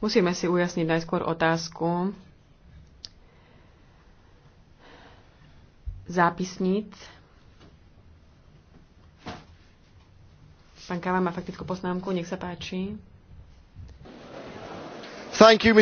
Musíme si ujasniť najskôr otázku zápisníc. Pán Kava má faktickú poznámku, nech sa páči. Thank you, Mr.